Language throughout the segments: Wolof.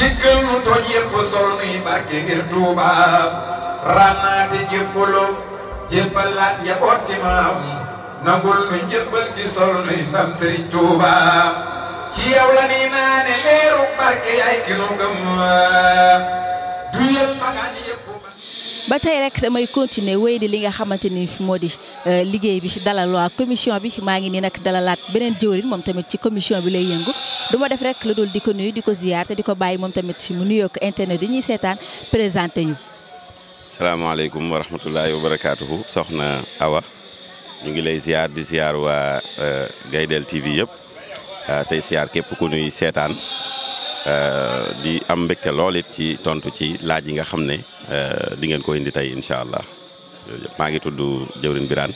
jéggal nu tooñ yépp sol nuy barke ngir Tuuba rànnaate jébbulu jébbalaat njaboot di maam nangul nu njëbbal di sol nuy ndam Sëriñ Tuuba ci yow la ni naane leeru barke yaay ki nu gëm duyal magan ba tey rek damay continuer wéy di li nga xamante ni moo di euh, liggéey bi dalal waa commission bi maa ngi nii nag dalalaat beneen jëwrin moom tamit ci commission bi lay yëngu du def rek lu dul di ko nuyu di ko ziyaar te di ko bàyyi moom tamit si mu nuyoog internet di ñuy seetaan présenté ñu. salaamaaleykum wa rahmatullahi wa barakaatuhu soxna Awa ñu ngi lay ziar di ziar waa euh, Gaydel TV yëpp euh, tey ziar képp ku nuy seetaan. Euh, di am mbégte lool ci tontu ci laaj yi nga xam ne euh, di ngeen ko indi tey incha allah maa ngi tudd Jëwrin Birane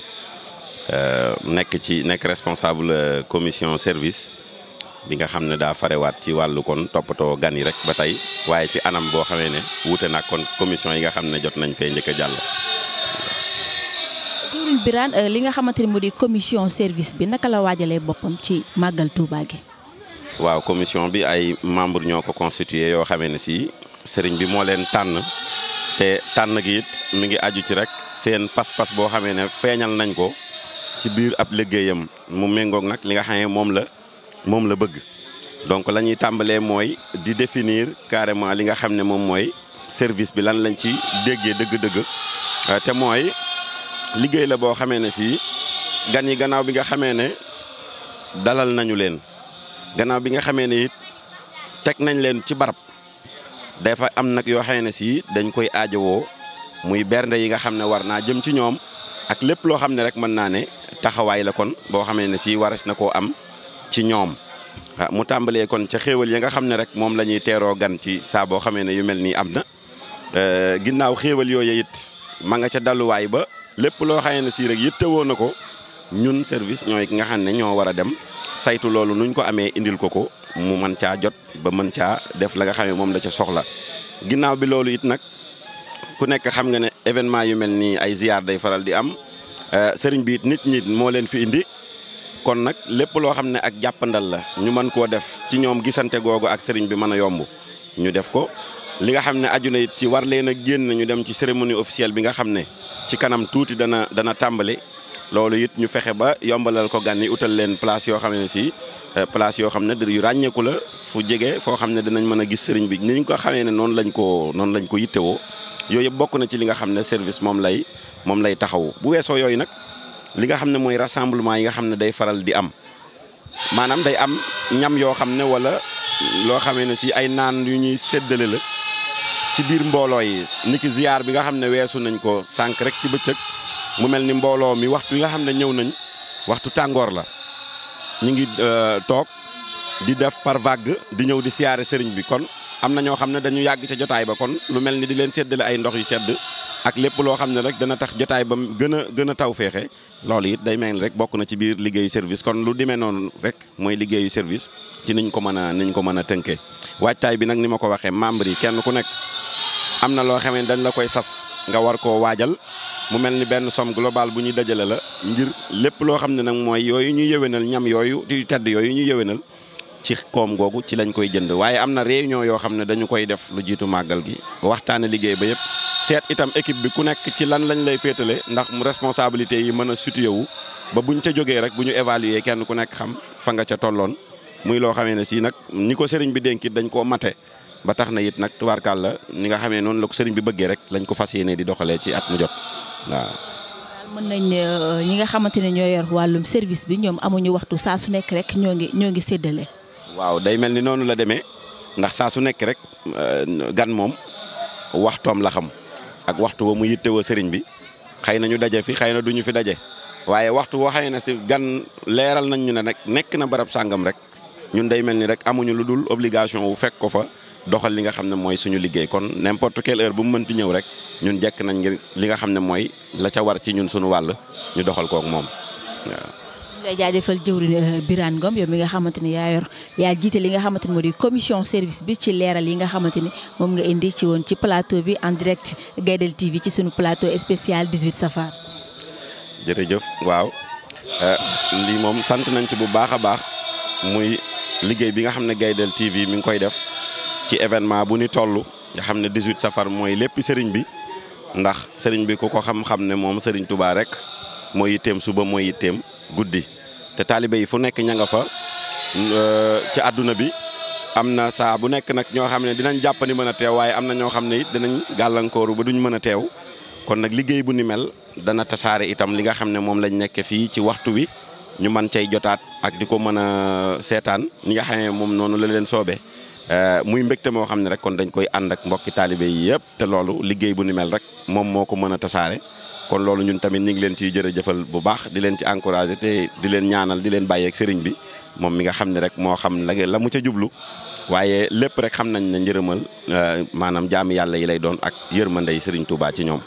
euh, nekk ci nekk responsable commission service bi nga xam ne daa farewaat ci wàllu kon toppatoo gan yi rek ba tey waaye ci anam boo xamee ne wuute nag kon commission yi nga xam ne jot nañ fee njëkk a jàll. Jëwrin Birane li nga xamante ni mu di commission service bi naka la waajalee boppam ci màggal Touba gi. waaw commission bi ay membre ñoo ko constitué yoo xamee ne sii sëriñ bi moo leen tànn te tànn gi it mu ngi aju ci rek seen pas-pas boo xamee ne feeñal nañ ko ci biir ab liggéeyam mu méngoog nag li nga xamee moom la moom la bëgg donc la ñuy tàmbalee mooy di définir carrément li nga xam ne moom mooy service bi lan lañ ci déggee dëgg-dëgg euh, te mooy liggéey la boo xamee ne si gan yi gannaaw bi nga xamee ne dalal nañu leen gannaaw bi nga xamé ne tek nañ leen ci barab fa am nak yo xamee ne si dañ koy wo muy bernde yi nga xamné war naa jëm ci ñoom ak lepp lo xamné rek mën na né taxaway la kon bo xamé si waras na am ci ñoom ah, mu tambalé kon ci xéewal yi ya nga xamné rek mom lañuy téro gan ci sa bo xamé ne yu mel amna euh ginnaw ginnaaw xéewal yooyu it ma nga ca way ba lepp lo xamee si rek yittewoo ñun service ñoy nga xamné ño wara dem saytu loolu nuñ ko amee indil ko ko mu mën caa jot ba mën caa def la nga xam ne moom la ca soxla ginnaaw bi loolu it nag ku nekk xam nga ne événement yu mel nii ay ziar day faral di am eh, sëriñ bi it nit ñi moo leen fi indi kon nag lépp loo xam ne ak jàppandal la ñu mën koo def ci ñoom gisante googu ak sëriñ bi mën a yomb ñu def ko li nga xam ne aju na it ci war leen a génn ñu dem ci cérémonie officielle bi nga xam ne ci kanam tuuti dana dana tàmbali loolu it ñu fexe ba yombalal ko gan yi utal leen place yoo xam ne si euh, place yoo xam ne yu ràññeeku la fu jege foo xam ne dinañ mën a gis sëriñ bi ni ñu ko xamee ne noonu lañ ko noonu lañ ko yittewoo yooyu yëpp bokk na ci li nga xam ne service moom lay moom lay taxawu bu weesoo yooyu nag li nga xam ne mooy rassemblement yi nga xam ne day faral di am maanaam day am ñam yoo xam ne wala loo xamee ne si ay naan yu ñuy séddale la ci biir mbooloo yi niki ziar bi nga xam ne weesu nañ ko sànq rek ci bëccëg mu mel ni mbooloo mi waxtu yi nga xam ne ñëw nañu waxtu tàngoor la ñu ngi euh, toog di def par vague di ñëw di siyaare sëriñ bi kon am na ñoo xam ne dañu yàgg ca jotaay ba kon lu mel ni di leen seddale ay ndox yu sedd ak lépp loo xam ne rek dana tax jotaay ba gën a gën a taw feexe loolu it day mel ni rek bokk na ci biir liggéeyu service kon lu dimee noonu rek mooy liggéeyu service ci niñ ko mën a niñ ko mën a tënkee waajtaay bi nag ni ma ko waxee membre yi kenn ku nekk am na loo xamee dañ la koy sas nga war koo waajal mu melni ben som global bu ñuy dajale la ngir lepp lo xamne nak moy yoyu ñu yewenal ñam yoyu di tedd yoyu ñu yewenal ci kom gogu ci lañ koy jënd waye amna na réunion yo xamne dañu koy def lu jitu magal gi waxtaane liggey ba yëpp seet itam équipe bi ku nekk ci lan lañ lay fétalé ndax mu responsabilité yi mëna a situé wu ba buñ ca joggé rek buñu évaluer kenn ku nekk xam fa nga ca tollon muy lo xamé ne si nak ni sëriñ bi dañ ko mate ba taxna na nak nag la ni nga xamé non la sëriñ bi bëggé rek lañ ko fas di doxalé ci at mu jot waaw. mën nañ euh, ñi nga xamante ne ñoo yor wàllum service bi ñoom amuñu waxtu saa su nekk rek ñoo ngi ñoo ngi séddale. waaw day mel ni noonu la demee ndax saa su nekk rek euh, gan moom waxtoom la xam ak waxtu wa mu yittewoo sëriñ bi xëy na ñu daje fi xëy na du ñu fi daje waaye waxtu woo xëy na si gan leeral nañ ñu ne nag nekk na barab sàngam rek ñun day mel ni rek amuñu lu dul obligation wu fekk ko fa. doxal li nga xam ne mooy suñu liggéey kon n'importe quelle bu mu mënti ñëw rek ñun jekk nañ ngir li nga xam ne mooy la ca war ci ñun suñu wàll ñu doxal kook moom waaw. jaajëfal jëwriñ euh, Birane Ngom yow mi nga xamante ni yaa yor yaa jiite li nga xamante ni moo di commission service bi ci leeral yi nga xamante ni moom nga indi ci woon ci plateau bi en direct Gaydel TV ci suñu plateau spécial 18 safar. jërëjëf waaw euh, lii moom sant nañ ci bu baax a baax muy liggéey bi nga xam ne Gaydel TV mi ngi koy def. ci événement bu ni toll nga xam ne 18 safar mooy lépp sëriñ bi ndax sëriñ bi ku ko xam-xam ne moom sëriñ Touba rek mooy yitteem suba mooy yitteem guddi te taalibe yi fu nekk ña nga fa euh, ci àdduna bi am na saa bu nekk nag ñoo xam ne dinañ jàpp ni mën a teew am na ñoo xam ne it dinañ gàllankooru ba duñ mën a teew kon nag liggéey bu ni mel dana tasaare itam li nga xam ne moom lañ nekk fii ci waxtu wi ñu man cay jotaat ak di ko mën a seetaan ni nga xam moom noonu la leen soobee. Euh, muy mbégte moo xam ne rek kon dañ koy ànd ak mbokki taalibe yi yëpp te loolu liggéey bu ni mel rek moom moo ko mën a tasaare kon loolu ñun tamit ñu ngi leen ciy jërëjëfal bu baax di leen ci encouragé te di leen ñaanal di leen bàyyeeg sëriñ bi moom mi nga xam ne rek moo xam la la mu ca jublu waaye lépp rek xam nañ ne njërëmal euh, maanaam jaami yàlla yi lay doon ak yërmandey sëriñ Touba ci ñoom.